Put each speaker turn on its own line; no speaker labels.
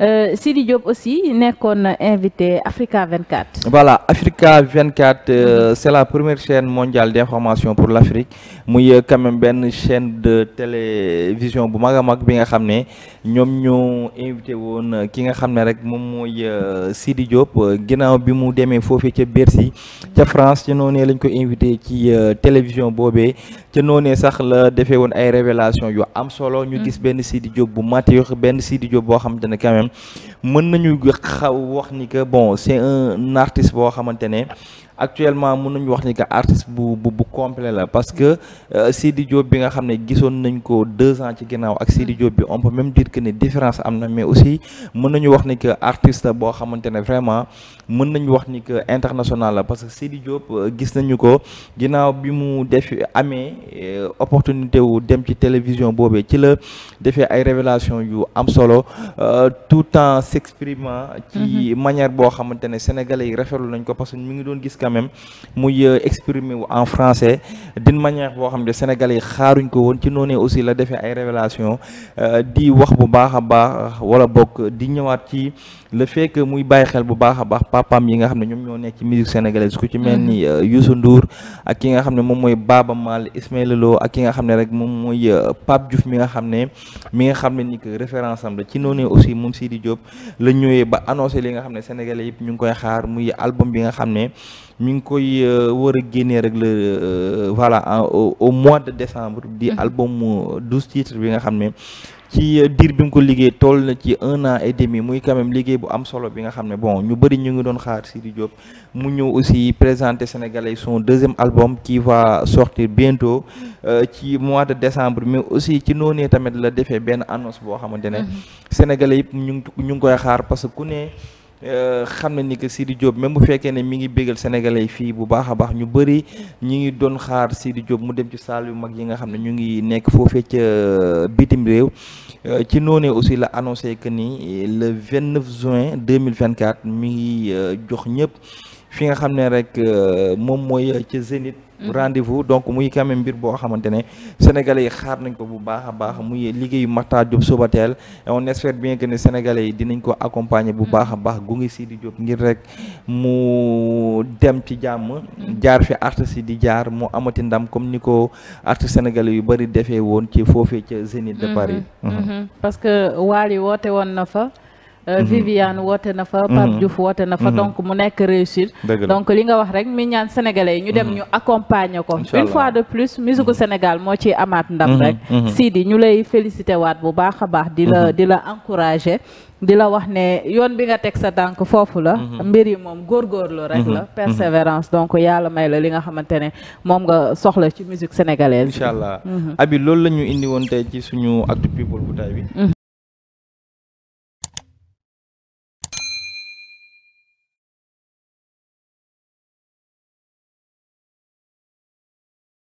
Euh, Sidi Diop aussi nekkoon invité Africa 24.
voilà Africa 24 euh, mhm. c'est la première chaîne mondiale d'information pour l'Afrique muy euh, quand même benn chaîne de télévision bu mag a mag bi nga xam ne ñoom ñoo invité woon ki nga xam ne rek moom mooy Sidi Diop ginnaaw bi mu demee foofee ca Bercy ca France ca noonee lañ ko invité ci télévision boobee ca noonee sax la defee woon ay révélation yu am solo. ñu mhm. gis benn Sidi Diop bu mature benn Sidi Diop boo xamante ne quand mën nañu xaw wax ni que bon c'est un artiste boo xamante ne actuellement mun nañu wax ni que artiste bu bu bu complet la parce que euh, Sidi Diop bi nga xam ne gisoon nañ ko deux ans ci ginnaaw ak Sidi Diop bi on peut même dire ne différence am na mais aussi mën nañu wax ni que artist la boo xamante ne vraiment mën nañu wax ni que international la parce que Sidi Diop euh, gis nañu ko ginnaaw bi mu def amee euh, opportunité wu dem ci télévision boobee ci la defee ay révélation yu am solo tout temps s'exprimant ci mm-hmm. manière boo xamante ne sénégalais yi rafetlu nañ ko quand même muy euh, exprimer wu en français d'une manière boo xam ne sénégalais yi xaaruñ ko woon ci noonu aussi la defee ay révélation euh, di wax bu baax a baax wala bokk di ñëwaat ci la fekk muy bàyyi xel bu baax a baax papaam yi nga xam ne ñoom ñoo nekk ci musique sénégalaise ku ci mel ni mm-hmm. euh, Youssou Ndour ak ki nga xam ne moom mooy Baba Maal Ismaël Lo ak ki nga xam ne rek moom mooy pap Diouf mi nga xam ne mi nga xam ne ni que référence la ci noonu aussi moom Sidi Diop la ñëwee ba annoncé li nga xam ne sénégalais yëpp ñu ngi koy xaar bi nga xam ne mi ngi koy euh, war a génnee rek le euh, voilà au mois de décembre di mhm. album euh, douze titres bi nga xam ne ci diir bi nga ko liggéey tool na ci un an et demi muy quand même liggéey bu am solo bi nga xam ne bon ñu bëri ñu ngi doon xaar si Sidi Diop mu ñëw aussi présenter Sénégalais son deuxième album qui va sortir bientôt ci mois de décembre mais aussi ci noonee tamit la defee benn annonce boo xamante ne mhm. Sénégalais yëpp ñu ñu ngi koy xaar parce ku ne Euh, xam na ni que Sidi Diop même bu fekkee ne mi ngi bégal sénégalais fii bu baax a baax ñu bëri ñu ngi doon xaar di Diop mu dem ci saal yu mag yi nga xam ne ñu ngi nekk foofee ca euh, bitim réew euh, ci noonee aussi la annoncé que ni le 29 juin 2024 mi ngi jox ñëpp fi nga xam ne rek moom mooy ci Zénith. Mm-hmm. rendez-vous donc muy quand même mbir boo xamante ne sénégalais yi xaar nañ ko bu baax a baax muy liggéeyu Makhtar Diop Sobatel on espère bien que ne sénégalais yi dinañ ko accompagner bu baax a ngi mm-hmm. gunge Sidi Diop ngir rek mu dem ci jàmm jaar fi artiste yi di jaar mu amati ndam comme ni ko artiste sénégalais yu bëri defee woon ci foofee ca Zénith de mm-hmm. Paris
parce que Wally woote woon na fa Euh, mhm. Viviane woote na fa Pape mhm. Diouf woote na fa mhm. donc mu nekk réussir donc li nga wax rek mi ñaan sénégalais yi ñu dem ñu accompagner ko une fois de plus musique Sénégal moo ciy amaat ndam rek Sidi ñu lay félicité waat bu baax a baax di la di la encourager di la wax ne yoon bi nga teg sa tànk foofu la mbir yi moom góorgóorlu rek la persévérance donc yàlla may la li nga xamante ne moom nga soxla ci musique sénégalaise incha allah
abi loolu la ñu indi woon te ci suñu actu people bu